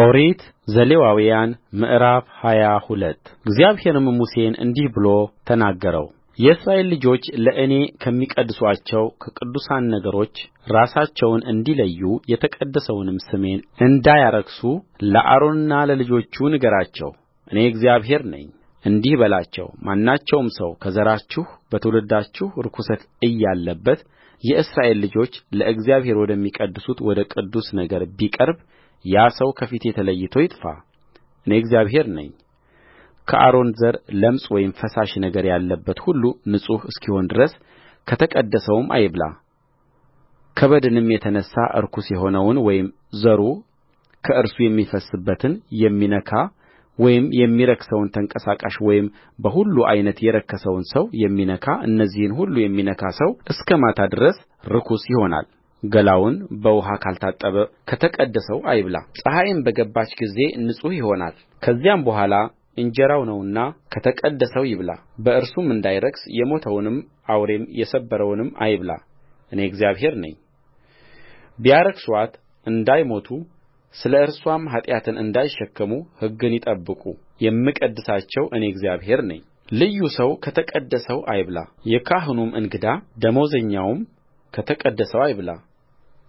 ኦሪት ዘሌዋውያን ምዕራፍ ሃያ ሁለት እግዚአብሔርም ሙሴን እንዲህ ብሎ ተናገረው የእስራኤል ልጆች ለእኔ ከሚቀድሱአቸው ከቅዱሳን ነገሮች ራሳቸውን እንዲለዩ የተቀደሰውንም ስሜን እንዳያረክሱ ለአሮንና ለልጆቹ ንገራቸው እኔ እግዚአብሔር ነኝ እንዲህ በላቸው ማናቸውም ሰው ከዘራችሁ በትውልዳችሁ ርኵሰት እያለበት የእስራኤል ልጆች ለእግዚአብሔር ወደሚቀድሱት ወደ ቅዱስ ነገር ቢቀርብ ያ ሰው ከፊቴ ተለይቶ ይጥፋ እኔ እግዚአብሔር ነኝከአሮን ዘር ለምጽ ወይም ፈሳሽ ነገር ያለበት ሁሉ ንጹሕ እስኪሆን ድረስ ከተቀደሰውም አይብላ ከበድንም የተነሣ ርኩስ የሆነውን ወይም ዘሩ ከእርሱ የሚፈስስበትን የሚነካ ወይም የሚረክሰውን ተንቀሳቃሽ ወይም በሁሉ ዓይነት የረከሰውን ሰው የሚነካ እነዚህን ሁሉ የሚነካ ሰው እስከ ማታ ድረስ ርኩስ ይሆናል ገላውን በውኃ ካልታጠበ ከተቀደሰው አይብላ ፀሐይም በገባች ጊዜ ንጹሕ ይሆናል ከዚያም በኋላ እንጀራው ነውና ከተቀደሰው ይብላ በእርሱም እንዳይረክስ የሞተውንም አውሬም የሰበረውንም አይብላ እኔ እግዚአብሔር ነኝቢያረክሱአት እንዳይሞቱ ስለ እርስዋም ኃጢአትን እንዳይሸከሙ ሕግን ይጠብቁ የምቀድሳቸው እኔ እግዚአብሔር ነኝልዩ ሰው ከተቀደሰው አይብላ የካህኑም እንግዳ ደመወዘኛውም ከተቀደሰው አይብላ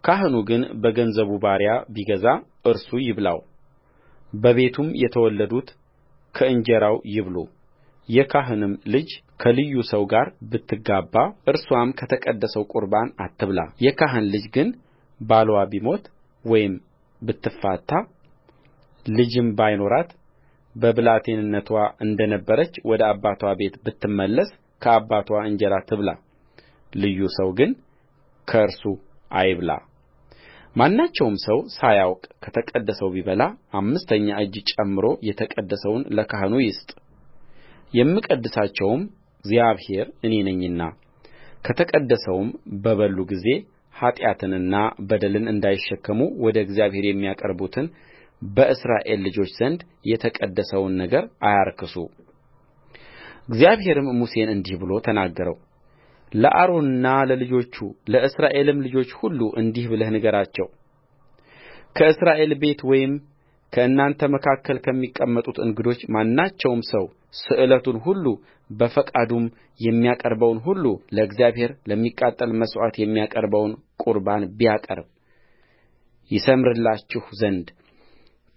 ካህኑ ግን በገንዘቡ ባሪያ ቢገዛ እርሱ ይብላው በቤቱም የተወለዱት ከእንጀራው ይብሉ የካህንም ልጅ ከልዩ ሰው ጋር ብትጋባ እርስዋም ከተቀደሰው ቁርባን አትብላ የካህን ልጅ ግን ባልዋ ቢሞት ወይም ብትፋታ ልጅም ባይኖራት በብላቴንነትዋ እንደ ነበረች ወደ አባትዋ ቤት ብትመለስ ከአባትዋ እንጀራ ትብላ ልዩ ሰው ግን ከእርሱ ማናቸውም ሰው ሳያውቅ ከተቀደሰው ቢበላ አምስተኛ እጅ ጨምሮ የተቀደሰውን ለካህኑ ይስጥ የምቀድሳቸውም እግዚአብሔር እኔ ነኝና ከተቀደሰውም በበሉ ጊዜ ኃጢአትንና በደልን እንዳይሸከሙ ወደ እግዚአብሔር የሚያቀርቡትን በእስራኤል ልጆች ዘንድ የተቀደሰውን ነገር አያርክሱእግዚአብሔርም ሙሴን እንዲህ ብሎ ተናገረውለአሮንና ለልጆቹ ለእስራኤልም ልጆች ሁሉ እንዲህ ብለህ ንገራቸው ከእስራኤል ቤት ወይም ከእናንተ መካከል ከሚቀመጡት እንግዶች ማናቸውም ሰው ስእለቱን ሁሉ በፈቃዱም የሚያቀርበውን ሁሉ ለእግዚአብሔር ለሚቃጠል መሥዋዕት የሚያቀርበውን ቍርባን ቢያቀርብ ይሠምርላችሁ ዘንድ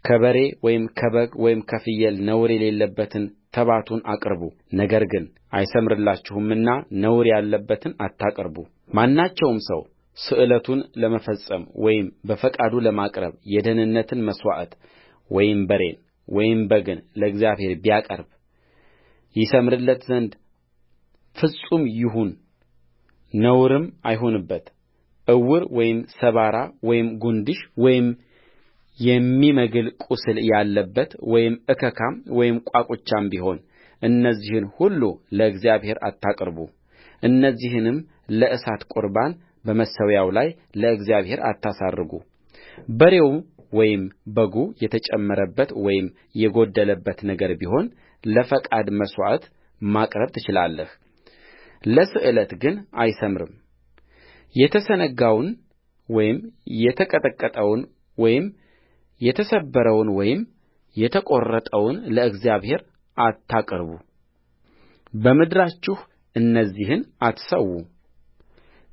ከበሬ ወይም ከበግ ወይም ከፍየል ነውር የሌለበትን ተባቱን አቅርቡ። ነገር ግን አይሠምርላችሁምና ነውር ያለበትን አታቅርቡማናቸውም ሰው ስእለቱን ለመፈጸም ወይም በፈቃዱ ለማቅረብ የደኅንነትን መሥዋዕት ወይም በሬን ወይም በግን ለእግዚአብሔር ቢያቀርብ ይሠምርለት ዘንድ ፍጹም ይሁን ነውርም አይሁንበት ዕውር ወይም ሰባራ ወይም ጕንድሽ ወይም የሚመግል ቍስል ያለበት ወይም እከካም ወይም ቋቁቻም ቢሆን እነዚህን ሁሉ ለእግዚአብሔር አታቅርቡ እነዚህንም ለእሳት ቁርባን በመሠዊያው ላይ ለእግዚአብሔር አታሳርጉ በሬው ወይም በጉ የተጨመረበት ወይም የጐደለበት ነገር ቢሆን ለፈቃድ መሥዋዕት ማቅረብ ትችላለህ ለስእለት ግን የተሰነጋውን ወይም የተቀጠቀጠውን ወይም የተሰበረውን ወይም የተቈረጠውን ለእግዚአብሔር አታቅርቡ በምድራችሁ እነዚህን አትሠዉ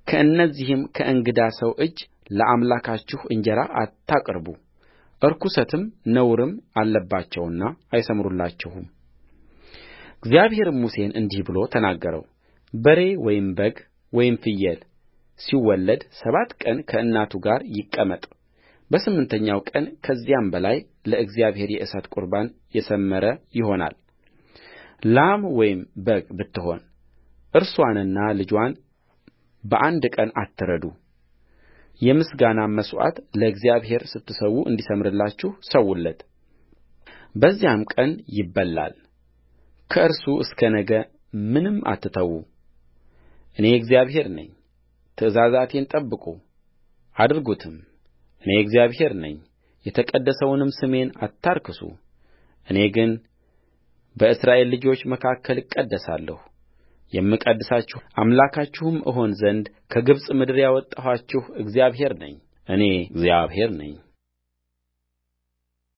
ከእነዚህም ከእንግዳ ሰው እጅ ለአምላካችሁ እንጀራ አታቅርቡ ርኵሰትም ነውርም አለባቸውና አይሠምሩላችሁም እግዚአብሔርም ሙሴን እንዲህ ብሎ ተናገረውበሬ ወይም በግ ወይም ፍየል ሲወለድ ሰባት ቀን ከእናቱ ጋር ይቀመጥ በስምንተኛው ቀን ከዚያም በላይ ለእግዚአብሔር የእሳት ቍርባን የሠመረ ላም ወይም በግ ብትሆን እርስዋንና ልጅዋን በአንድ ቀን አትረዱ የምስጋናም መሥዋዕት ለእግዚአብሔር ስትሠዉ እንዲሠምርላችሁ ሰውለት በዚያም ቀን ይበላል ከእርሱ እስከ ነገ ምንም አትተዉ እኔ እግዚአብሔር ነኝ ትእዛዛቴን ጠብቁ አድርጉትም እኔ እግዚአብሔር ነኝ የተቀደሰውንም ስሜን አታርክሱ እኔ ግን በእስራኤል ልጆች መካከል እቀደሳለሁ የምቀድሳችሁ አምላካችሁም እሆን ዘንድ ከግብፅ ምድር ያወጣኋችሁ እግዚአብሔር ነኝ እኔ እግዚአብሔር ነኝ